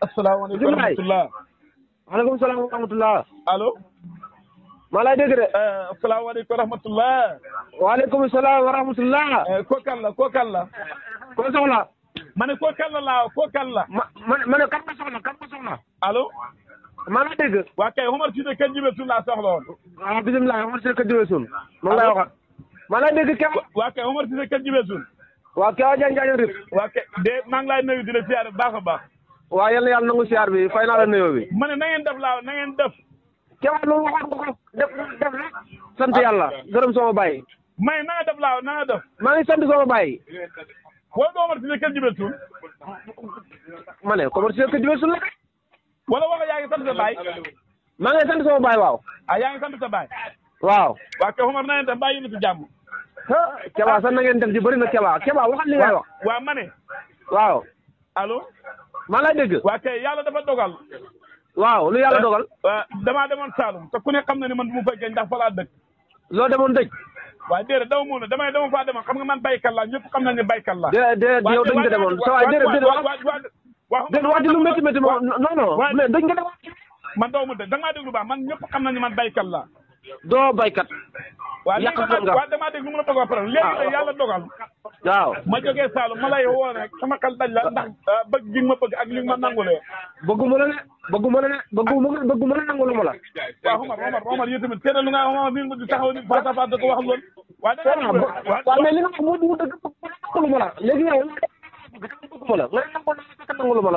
asalaamaaleykum wa rahmatulah. maaleykum salaam wa rahmatulah. allo. maa lay dégg de. Eh, asalaamaaleykum wa rahmatulah. waaleykum salaam wa rahmatulah. Eh, koo kan la koo kan la. soxla. ma ne koo la laa koo ma ma ne kan nga soxla kan nga soxla. allo. maa lay dégg. waa kay soxla woon. waaw ah, bisimilah Omar Cissé kan jibe sun. moom laa waxoon. maa lay dégg kenn. waa kay Omar Cissé kan jibe sun. waa Rip. waa de maa ngi lay nuyu di baax a baax. waaw yal na yàlla nangu siyaar bi fay naa la bi. ma ne na ngeen def laaw na ngeen def. Kéema lu waxoon nga ko def def rek. sant yàlla gërëm sama baay. may na nga def laaw na nga def. maa ngi sant sama baay. ma ne Omar Cissé kër la. wala wax yaa ngi sant sa baay. maa ngi sant sama baay ah, yaa ngi sant sa baay. waaw. waa Kéema Omar na ngeen def bàyyi yéen a fi jàmm. ah Kéema sax na ngeen def ji bëri na Kéema Kéema waxal li ngay wax. waaw ma ne. maa lay dégg. waa kay yàlla dafa dogal. waaw lu yàlla eh, dogal. Eh, demaa demoon Saalum te ku ne xam na ne man bu mu fay gëj ndax laa dëkk. loo demoon dëj. waaye déedéet dama mën a damay dama faa demoon xam nga man baykat laa ñëpp xam nañ ne baykat laa. déedéet yow dañ demoon sa waay déedéet déedéet wax déedéet wax di lu métti métti non non dañ nga demoon. man doo mu dëj da nga maa déglu baax man ñëpp xam na ne man baykat laa doo baykat. waaw léegi damaa dégg lu mu la bëgg a faral léegi nag ah, yàlla waaw ma jógee Saalum ma lay woo rek sama xel daj la ndax ah, bëgg gi ma bëgg ak li ma la ne bëgguma la ne bëgguma bëgguma la nanguluma la. waaw Omar Omar Omar yow tamit seetal lu nga Omar mi ngi taxaw ni da ko wax loolu. waaw waaw mais li nga wax moo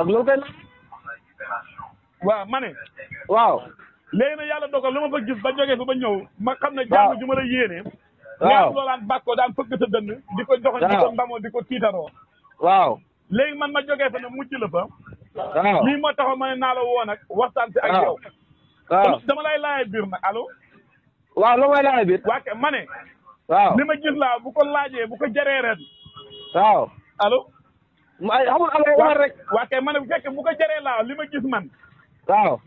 dugg ma ne. waaw. léegi nag yàlla dogal la ma fa gis ba jógee fa ba ñëw ma xam ne jàmm ju ma la yéene nga loolaan bàkkoo daan fëgg sa dënn di ko joxoñ di ko ndamoo di ko tiitaroo waaw léegi man ma jógee fa ne mucc la fa waaw lii moo taxoon ma ne naa la woo nag waxtaan si ak yow waaw dama lay laaj biir nag allo waaw loo may laaj biir waa kay ma ne waaw ma gis laa bu ko laajee bu ko jaree ren waaw allo ma xamul allo waxal rek waa ma ne bu fekkee bu ko jare laa li ma gis man waaw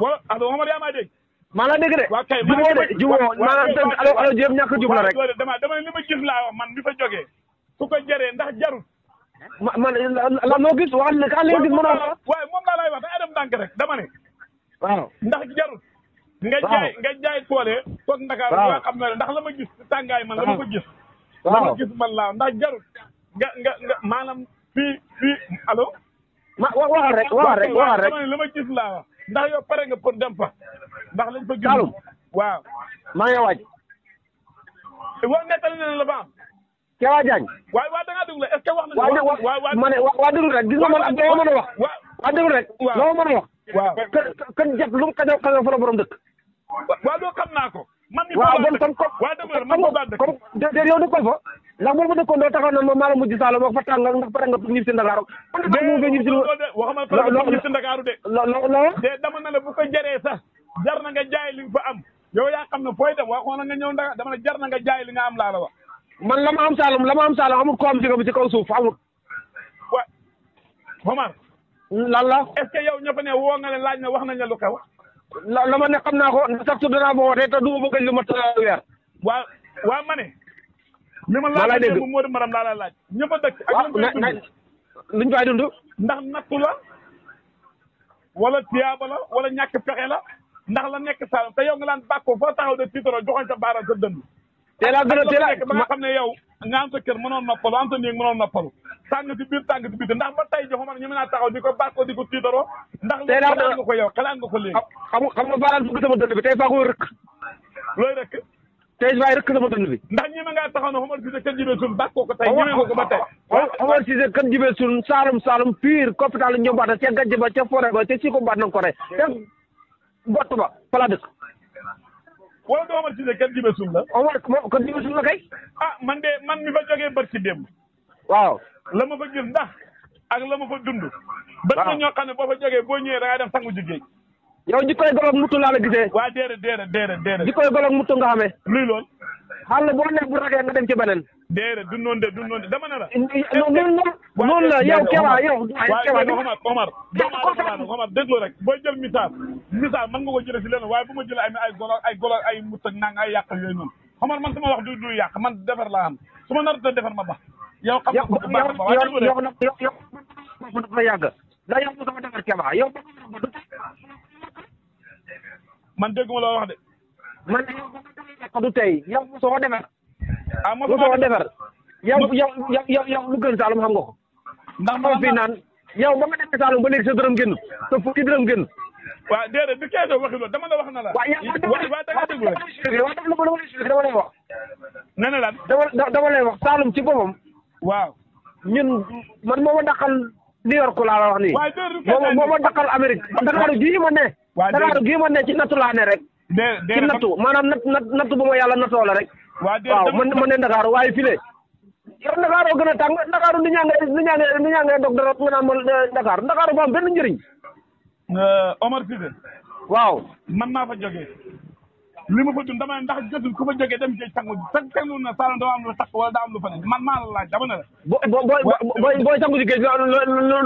wala allo Omar yaa maa dégg. la dégg de. waaw kay maa la dégg jubóo maanaam la rek. dama dama li ma man mi fa jógee. su ko jëree ndax jarul. ma man la noo gis wax na ka léegi mën a. waaye moom laa lay wax da dem ndànk rek dama ne. waaw ndax jarul. nga jaay nga jaay toole. toog Ndakaaru nga xam ne ndax la ma gis tàngaay man la ma ko gis. waaw la ma man laa ndax jarul. nga nga nga maanaam fii fii allo. ma waxal rek waxal rek waxal rek dama ma gis laa ndax yow pare nga pour ndax lañ fa Saloum waaw maa ngi waaj wa la ba Kéba Diagne waay waa da ngaa déglu est-ce wax ma ne waa déglu rek gis nga man ak loo mën a wax waa déglu rek loo mën a ka waaw kan jàpp lu mu kañoo kañoo fa la borom dëkk waaw doo xam naa ko man mi waaw bon kon comme ndax boobu ko doo taxaw na mo mala la mujj saalo ma fa tàngal ndax pare nga pour ñib si ndakaaru man nga ñib si waxama pare nga ñib si de lo lo de dama na la bu ko jare sax jar na nga jaay li fa am yow ya xamna ne fooy waxo na nga ñew ndaka dama na jar na nga jaay li nga am la la wax man la ma am saalum la ma am saalum amul ko am ci ko ci kaw suuf amul wa homar la la est ce que yow ñëpp ne wo nga leen laaj na wax na la lu xew la ma ne xamna ko sax tu danaa bo wootee te du bu bëgg lu ma tëral weer wa waa ma li ma laaj léegi Modou Maram laa la laaj. ñëpp a dëkk ah, ak luñ fay dund. ndax nattu la wala tiyaaba la wala ñàkk pexe la ndax la nekk Saalum te yow nga laan bàkkoo foo taxaw de tiitoro joxoñ sa baaraam sa dënd. teel a gën a teel a ba nga xam ne yow nga am sa kër mënoon noppalu am sa néeg mënoon noppalu tàng si biir tàng si biir ndax ba tey joxuma ñu mën a taxaw di ko bàkkoo di ko tiitoro ndax li xalaat nga ko yow xalaat nga ko léegi xam nga baaraam bëgg sama a bi tey faa ko rëkk looy rëkk tey waaye rek sama dund bi ndax ñi ma ngaa taxaw na Omar Cissé kan jibee sun bàkkoo ko tey ñemee ko ba tey Omar Cissé kan jibee sun saalum saalum pire capital ñombaata ca gajj ba ca forêt ba ca siko mbaat nanga ko rey ca bott ba fala dëkk wala du Omar Cissé kan jibee la Omar kan jibee sun la kay ah man de man mi fa jógee bër ci démb waaw fa gis ndax ak la fa dund bët na ñoo xam boo fa jógee boo ñëwee da ngay dem sangu jigéen yow jikkoy golo ak muttu laa la gisee. waa déedéet déedéet déedéet déedéet. jikkoy golo ak muttu nga du noonu de du noonu de dama ne la. noonu la yow Kéba yow. waaye Omar Omar Omar déglu rek. booy jël misaal misaal mën nga ko jëlee si leneen waaye bu ma jëlee ay ay golo ay golo ay mutt ak nang ay yàq yooyu noonu. Omar man sama wax du du yàq man defar laa am su ma narata defar ma ba. yow xam nga bu baax ba waaye déglu rek yow yow yow yow yow yow yow yow yow yow yow yow yow yow yow man dégguma la wax de man du tey yow so ko defar ah ma so ko defar yow yow yow yow lu gën salum xam nga ko ndax ma fi nan yow ba nga demee salum ba nek sa dërëm génn sa fukki dërëm gën wa déedéet du keesoo waxi lo dama la wax na la wa yow waa da nga déglu rek waa dama la wax dama la wax nee na lan dama dama lay wax salum ci bopam waaw ñun man moma dakal dàqal New York la wax ni moma dakal amerique dakal ji jii ma ne waaw Dakar gii ma ne ci nattu laa ne rek. ci nattu maanaam natt natt bu ma yàlla nattoo la rek. waaw man man ne Dakar waaye fii de. yow Dakar oo gën a tàng Dakar du ñaa ngay du ñaa ngay du ñaa ngay dog dara nga naan ma eh, Dakar Dakar ba am benn njëriñ. Omar Cissé. waaw man maa fa jógee. li ma fa dund dama ne ndax jotul ku fa jógee dem ci sangu ji sax sangu na saa dama am lu takk wala daa am lu fa ne man maa la laaj dama ne la. boo boo booy sangu ji géej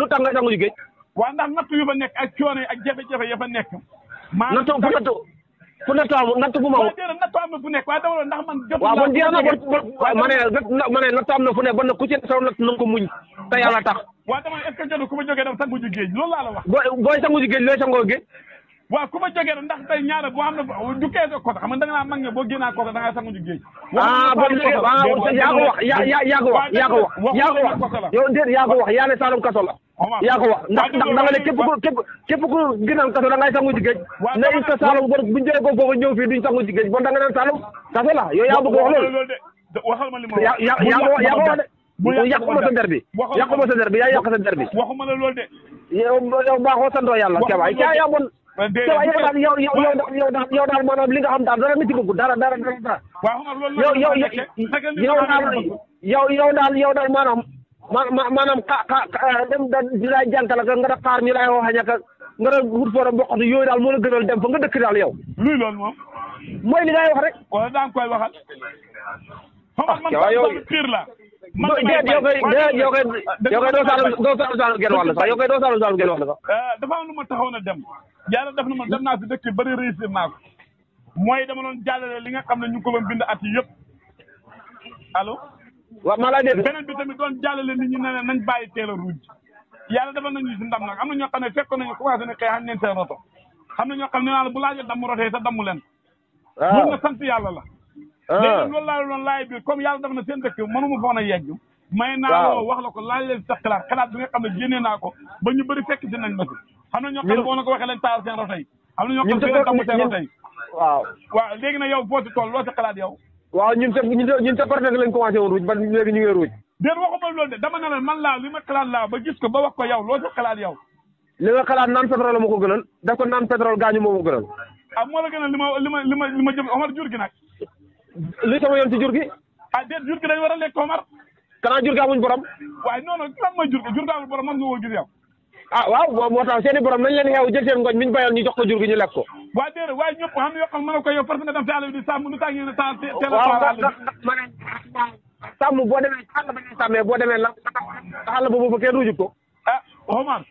lu tàng sangu ji géej. waaw ndax natt yu ba nekk ak coono yi ak jafe ya fa nekk. maanaam nattu nattu fu nattu amul nattu bu ma amul. waaw déedéet nekk waaw dama ndax man. jotul laa na ba ma ne ma ne nattu am na fu nekk ba na ku ci saw natt na nga ko muñ te yàlla tax. waaw dama est-ce que jotul ku ma jógee dem sangu ji géej loolu laa la wax. booy sangu ji géej looy sangoo géej. waaw ku fa jógee ndax tey ñaara boo xam ne du keesoo kota xam nga da nga naa mag ña boo génnaa kota da ngaa sangu ju géej. ah boo jógee ah yaa ko wax yaa yaa ko wax yaa ko wax yaa ko wax yow déet yaa ko wax yaa ne Saalum kaso la. yaa ko wax ndax ndax da nga ne képp ku képp képp ku ginnaaw kaso da ngay sangu ci géej ne it ka Saalum bon bu ñu jëlee ko foofu ñëw fii duñ sangu ci géej bon da nga ne Saalum kaso la yow yaa bëgg wax loolu. waxal ma li ma wax yaa yaa ko wax yaa ko wax de. yàquma sa der bi yàquma sa der bi yaa yàq sa der bi. waxuma la loolu de. yow yow baaxoo santoo yàlla. waxuma la loolu de man déedéet bu fekkee daal yow daal maanaam li nga xam daal dara nga ci bëgg dara dara dara. waaw xam nga loolu yow yow yow daal yow yow daal yow daal maanaam ma maanaam ka ka dem da di laay jànkala ka nga def xaar ñu laay wax ñàkk nga def wut foo doon bokkatu yooy daal moo la gënal dem fa nga dëkk daal yow. luy loolu moom. mooy li ngay wax rek. wala daan koy waxal. ah waaw yow pire la. man déet yow kay déet yow kay. dëgg la doo saalu doo eh, a yàlla def na ma dem naa si dëkk yu bëri réussir naa mooy dama doon jàllale li nga xam ne ñu ko doon bind at yi yëpp allo. waaw maa la dégg beneen bi tamit doon jàllale nit ñi ne nañ bàyyi teel a ruuj yàlla defal nañu si ndam nag am na ñoo xam ne fekkoon nañu commencé ne xëy na ñu seen roto xam na ñoo xam ne naa la bu laajee damm rotee te damm leen. waaw ah. nga sant yàlla la. Ah. léegi loolu laa doon laaj bi comme yàlla def na seen dëkk mënu ma foog na yegg. may naa la wax la ko laaj leen sa xalaat xalaat bi nga xam naa ko ba ñu bëri fekk si nañ ma xam na ñoo xam ne boo na ko waxee leen taal seen roto yi am na ñoo xam ne leen tàmm seen roto yi waaw waaw léegi nag yow foo ci toll loo ci xalaat yow waaw ñun ñun sa partenaire lañ commencé woon ruuj ba léegi ñu ngi ruuj déet waxuma loolu de dama na la man laa li ma xalaat laa ba gis ko ba wax ko yow loo ci xalaat yow li ma xalaat naan pétrole ma ko gënal daf ko naan pétrole gaañu moo ma gënal ah moo la gënal li ma li ma li ma li ma jëm Omar jur gi nag li sama yoon ci jur gi ah déet jur gi dañ war a lekk Omar kanaa jur gi amuñ borom waaye non non lan mooy jur gi jur gi amul borom man nga woo gis yow ah waaw moo tax seen i borom nañ leen xew jël seen ngooñ mi ñu bayoon ñu jox ko jur gi ñu lekk ko waa déedéet waaye ñëpp xam yokkal mën a ko yow parce que nga dem si àll bi di sàmm nu tax ngeen taal teel a sàmm boo demee àll ba ngay sàmmee boo demee lan àll boobu ba kenn ruujub ko ah Omar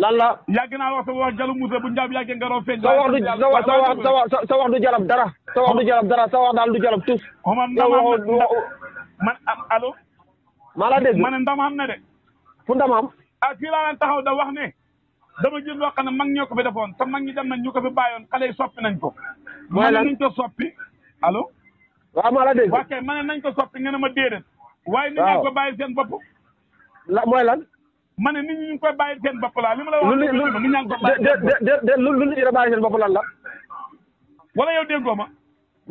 lan la yàgg naa wax sa wax jalu Moussa bu njaab yàggee nga roo feeñ sa wax du sa wax sa wax du jalab dara sa wax du jalab dara sa wax daal du jalab tus Omar man allo maa la dégg ma ne ndam am na de fu ndam am ah fii laa leen taxaw da wax ne dama jël loo xam ne mag ñoo ko fi defoon te mag ñi dem nañ ñu ko fi bàyyoon xale soppi nañ ko. mooy lan nañ ko soppi allo. waaw maa la dégg waaw ma ne nañ ko soppi nga ne ma déedéet. waaye nit ñaa ko bàyyi seen bopp. la mooy lan. ma ne nit ñi ñu koy bàyyi seen bopp laa li ma la wax. lu lu lu lu nit lan la. wala yow déggoo ma.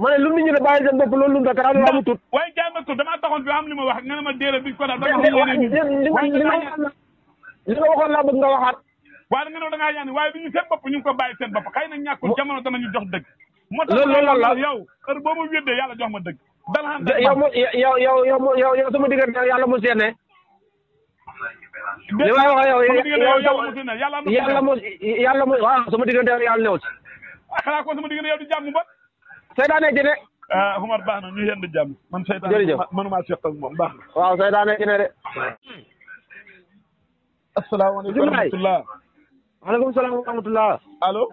ma ne lu nit ñi da bàyyi seen bopp loolu lu mu tax dara amu tut. waaye jaay ma tut damaa taxoon fi am li ma wax nga ne ma déedéet bi ko def. dama xam ne yéen a ngi li nga waxoon laa bëgg nga waxaat waaye da nga ne da ngaa yaani waaye du ñu seen bopp ñu ngi ko bàyyi seen bopp xëy na ñàkkul jamono danañu jox dëgg moo tax loolu la yow heure boo ma wéddee yàlla jox ma dëgg dalxan yow mu yow yow yow mu yow yow sama diggante yàlla mu seene li may wax yow yàlla mu yàlla mu yàlla mu waaw sama diggante yàlla new ci ah, xanaa kon sama diggante yow di jàmm ba seytaane jëne ah Omar baax na ñu yendu jàmm man seytaane jërëjëf mënumaa seq ak moom baax na waaw seytaane jëne de asalaamaaleykum wa rahmatulah. maaleykum salaam wa rahmatulah. allo.